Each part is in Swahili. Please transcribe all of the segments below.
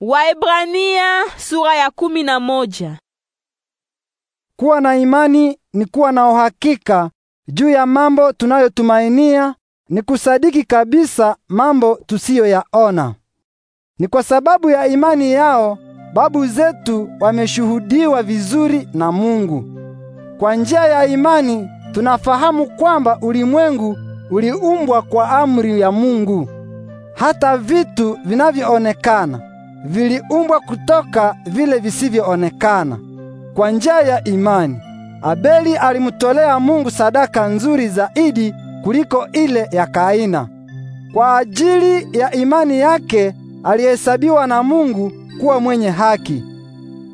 Waebrania sura ya kumi na moja. Kuwa na imani ni kuwa na uhakika juu ya mambo tunayotumainia, ni kusadiki kabisa mambo tusiyoyaona. Ni kwa sababu ya imani yao babu zetu wameshuhudiwa vizuri na Mungu. Kwa njia ya imani tunafahamu kwamba ulimwengu uliumbwa kwa amri ya Mungu, hata vitu vinavyoonekana viliumbwa kutoka vile visivyoonekana. Kwa njia ya imani, Abeli alimtolea Mungu sadaka nzuri zaidi kuliko ile ya Kaina. Kwa ajili ya imani yake alihesabiwa na Mungu kuwa mwenye haki.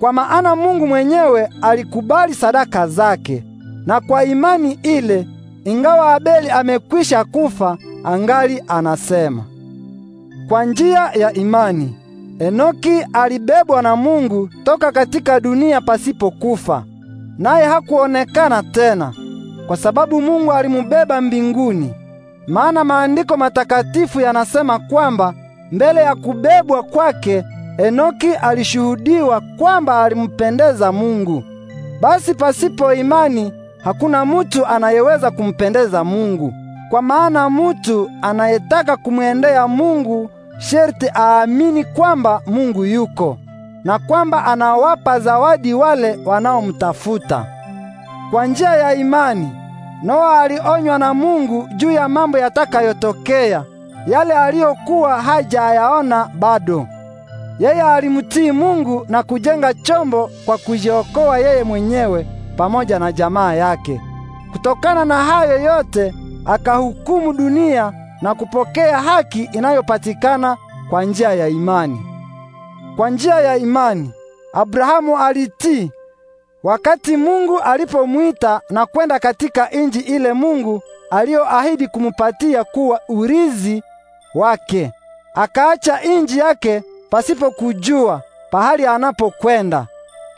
Kwa maana Mungu mwenyewe alikubali sadaka zake, na kwa imani ile, ingawa Abeli amekwisha kufa, angali anasema. Kwa njia ya imani Enoki alibebwa na Mungu toka katika dunia pasipokufa, naye hakuonekana tena, kwa sababu Mungu alimubeba mbinguni. Maana maandiko matakatifu yanasema kwamba mbele ya kubebwa kwake Enoki alishuhudiwa kwamba alimpendeza Mungu. Basi pasipo imani hakuna mutu anayeweza kumpendeza Mungu, kwa maana mutu anayetaka kumwendea Mungu sherti aamini kwamba Mungu yuko na kwamba anawapa zawadi wale wanaomtafuta. Kwa njia ya imani, Noa alionywa na Mungu juu ya mambo yatakayotokea, yale aliyokuwa hajayaona bado. Yeye alimtii Mungu na kujenga chombo kwa kujiokoa yeye mwenyewe pamoja na jamaa yake. Kutokana na hayo yote, akahukumu dunia na kupokea haki inayopatikana kwa njia ya imani. Kwa njia ya imani Abrahamu alitii wakati Mungu alipomwita na kwenda katika nchi ile Mungu aliyoahidi kumupatia kuwa urizi wake. Akaacha nchi yake pasipokujua pahali anapokwenda.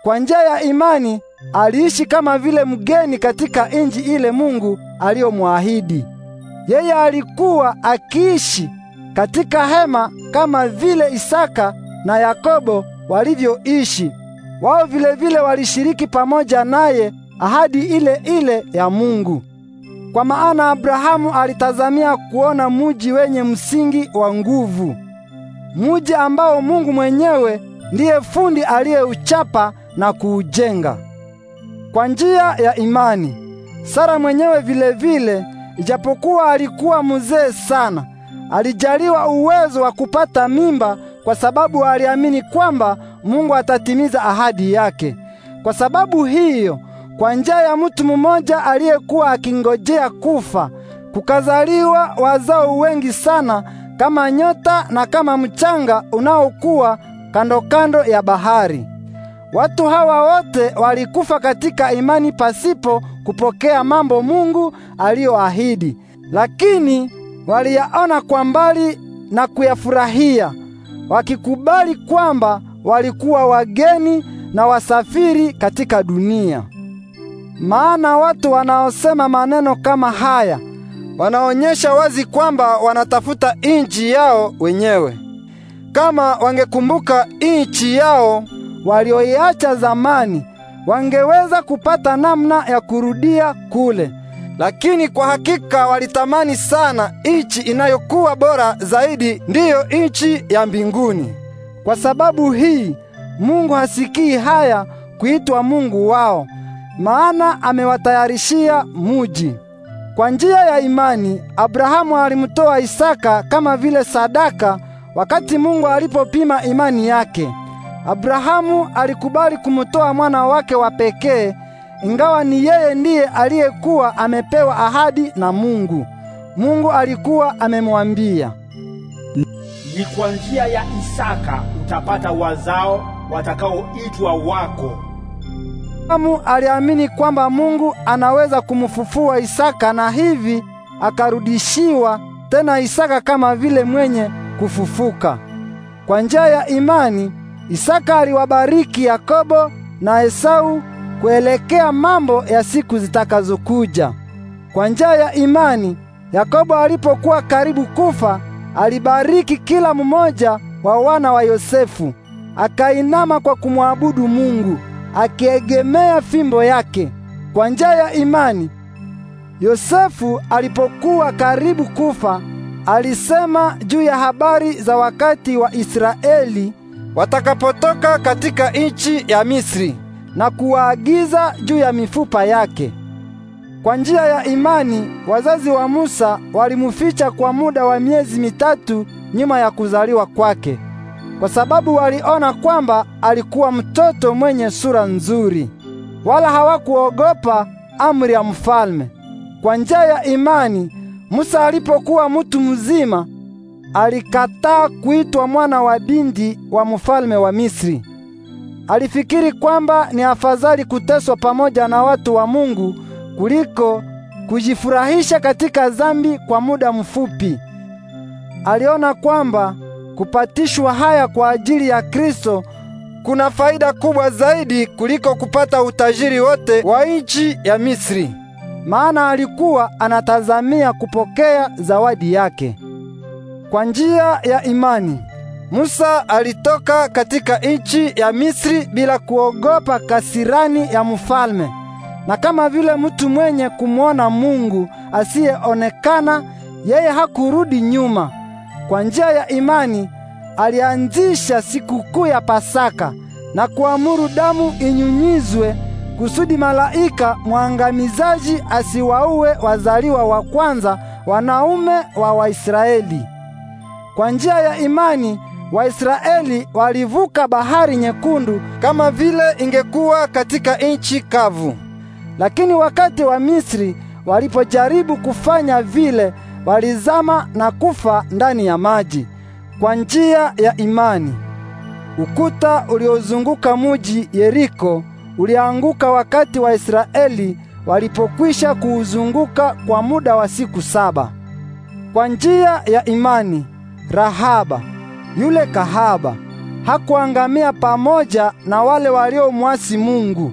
Kwa njia ya imani aliishi kama vile mgeni katika nchi ile Mungu aliyomwaahidi. Yeye alikuwa akiishi katika hema kama vile Isaka na Yakobo walivyoishi. Wao vile vile walishiriki pamoja naye ahadi ile ile ya Mungu. Kwa maana Abrahamu alitazamia kuona muji wenye msingi wa nguvu, muji ambao Mungu mwenyewe ndiye fundi aliyeuchapa na kuujenga. Kwa njia ya imani, Sara mwenyewe vile vile Ijapokuwa alikuwa mzee sana, alijaliwa uwezo wa kupata mimba kwa sababu aliamini kwamba Mungu atatimiza ahadi yake. Kwa sababu hiyo, kwa njia ya mtu mmoja aliyekuwa akingojea kufa, kukazaliwa wazao wengi sana kama nyota na kama mchanga unaokuwa kando kando ya bahari. Watu hawa wote walikufa katika imani pasipo kupokea mambo Mungu aliyoahidi, lakini waliyaona kwa mbali na kuyafurahia, wakikubali kwamba walikuwa wageni na wasafiri katika dunia. Maana watu wanaosema maneno kama haya wanaonyesha wazi kwamba wanatafuta inchi yao wenyewe. Kama wangekumbuka inchi yao walioiacha zamani wangeweza kupata namna ya kurudia kule, lakini kwa hakika walitamani sana nchi inayokuwa bora zaidi, ndiyo nchi ya mbinguni. Kwa sababu hii Mungu hasikii haya kuitwa Mungu wao, maana amewatayarishia muji. Kwa njia ya imani Abrahamu alimtoa Isaka kama vile sadaka, wakati Mungu alipopima imani yake. Abrahamu alikubali kumtoa mwana wake wa pekee, ingawa ni yeye ndiye aliyekuwa amepewa ahadi na Mungu. Mungu alikuwa amemwambia, ni kwa njia ya Isaka utapata wazao watakaoitwa wako. Abrahamu aliamini kwamba Mungu anaweza kumfufua Isaka na hivi akarudishiwa tena Isaka kama vile mwenye kufufuka. Kwa njia ya imani Isaka aliwabariki Yakobo na Esau kuelekea mambo ya siku zitakazokuja. Kwa njia ya imani, Yakobo alipokuwa karibu kufa, alibariki kila mmoja wa wana wa Yosefu. Akainama kwa kumwabudu Mungu, akiegemea fimbo yake. Kwa njia ya imani, Yosefu alipokuwa karibu kufa, alisema juu ya habari za wakati wa Israeli watakapotoka katika nchi ya Misri na kuwaagiza juu ya mifupa yake. Kwa njia ya imani wazazi wa Musa walimuficha kwa muda wa miezi mitatu nyuma ya kuzaliwa kwake, kwa sababu waliona kwamba alikuwa mtoto mwenye sura nzuri, wala hawakuogopa amri ya mfalme. Kwa njia ya imani Musa alipokuwa mtu mzima alikataa kuitwa mwana wa binti wa mfalme wa Misri. Alifikiri kwamba ni afadhali kuteswa pamoja na watu wa Mungu kuliko kujifurahisha katika dhambi kwa muda mfupi. Aliona kwamba kupatishwa haya kwa ajili ya Kristo kuna faida kubwa zaidi kuliko kupata utajiri wote wa nchi ya Misri. Maana alikuwa anatazamia kupokea zawadi yake. Kwa njia ya imani Musa alitoka katika nchi ya Misri bila kuogopa kasirani ya mfalme, na kama vile mtu mwenye kumwona Mungu asiyeonekana, yeye hakurudi nyuma. Kwa njia ya imani alianzisha sikukuu ya Pasaka na kuamuru damu inyunyizwe kusudi malaika mwangamizaji asiwaue wazaliwa wa kwanza wanaume wa Waisraeli. Kwa njia ya imani Waisraeli walivuka bahari nyekundu kama vile ingekuwa katika nchi kavu. Lakini wakati wa Misri walipojaribu kufanya vile, walizama na kufa ndani ya maji kwa njia ya imani. Ukuta uliozunguka muji Yeriko ulianguka wakati Waisraeli walipokwisha kuuzunguka kwa muda wa siku saba. Kwa njia ya imani Rahaba yule kahaba hakuangamia pamoja na wale waliomwasi Mungu,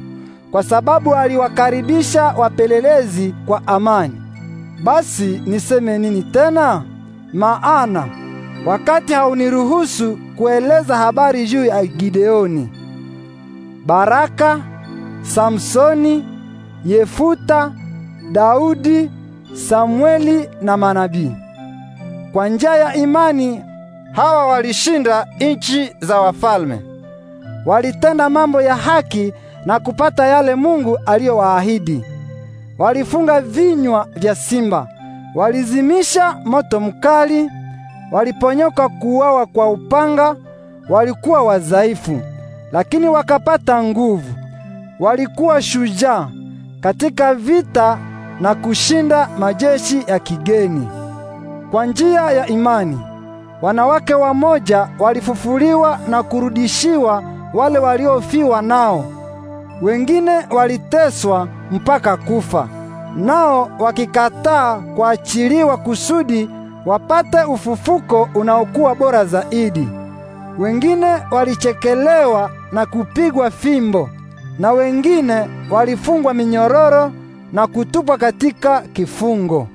kwa sababu aliwakaribisha wapelelezi kwa amani. Basi niseme nini tena? Maana wakati hauniruhusu kueleza habari juu ya Gideoni, Baraka, Samsoni, Yefuta, Daudi, samweli na manabii. Kwa njia ya imani hawa walishinda nchi za wafalme. Walitenda mambo ya haki na kupata yale Mungu aliyowaahidi. Walifunga vinywa vya simba, walizimisha moto mkali, waliponyoka kuuawa kwa upanga. Walikuwa wazaifu lakini wakapata nguvu. Walikuwa shujaa katika vita na kushinda majeshi ya kigeni. Kwa njia ya imani wanawake wamoja walifufuliwa na kurudishiwa wale waliofiwa nao. Wengine waliteswa mpaka kufa, nao wakikataa kuachiliwa kusudi wapate ufufuko unaokuwa bora zaidi. Wengine walichekelewa na kupigwa fimbo, na wengine walifungwa minyororo na kutupwa katika kifungo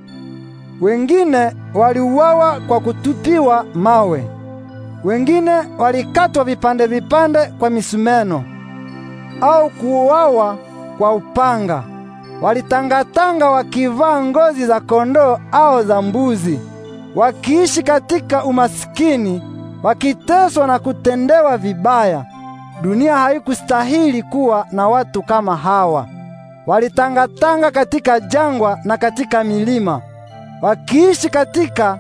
wengine waliuawa kwa kutupiwa mawe, wengine walikatwa vipande vipande kwa misumeno au kuuawa kwa upanga. Walitangatanga wakivaa ngozi za kondoo au za mbuzi, wakiishi katika umasikini, wakiteswa na kutendewa vibaya. Dunia haikustahili kuwa na watu kama hawa. Walitangatanga katika jangwa na katika milima wakiishi katika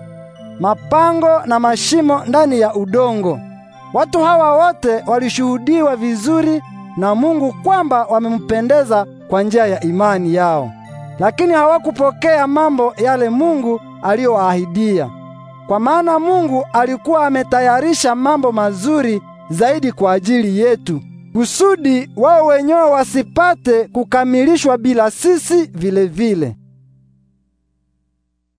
mapango na mashimo ndani ya udongo. Watu hawa wote walishuhudiwa vizuri na Mungu kwamba wamempendeza kwa njia ya imani yao, lakini hawakupokea mambo yale Mungu aliyowaahidia, kwa maana Mungu alikuwa ametayarisha mambo mazuri zaidi kwa ajili yetu, kusudi wao wenyewe wasipate kukamilishwa bila sisi vilevile vile.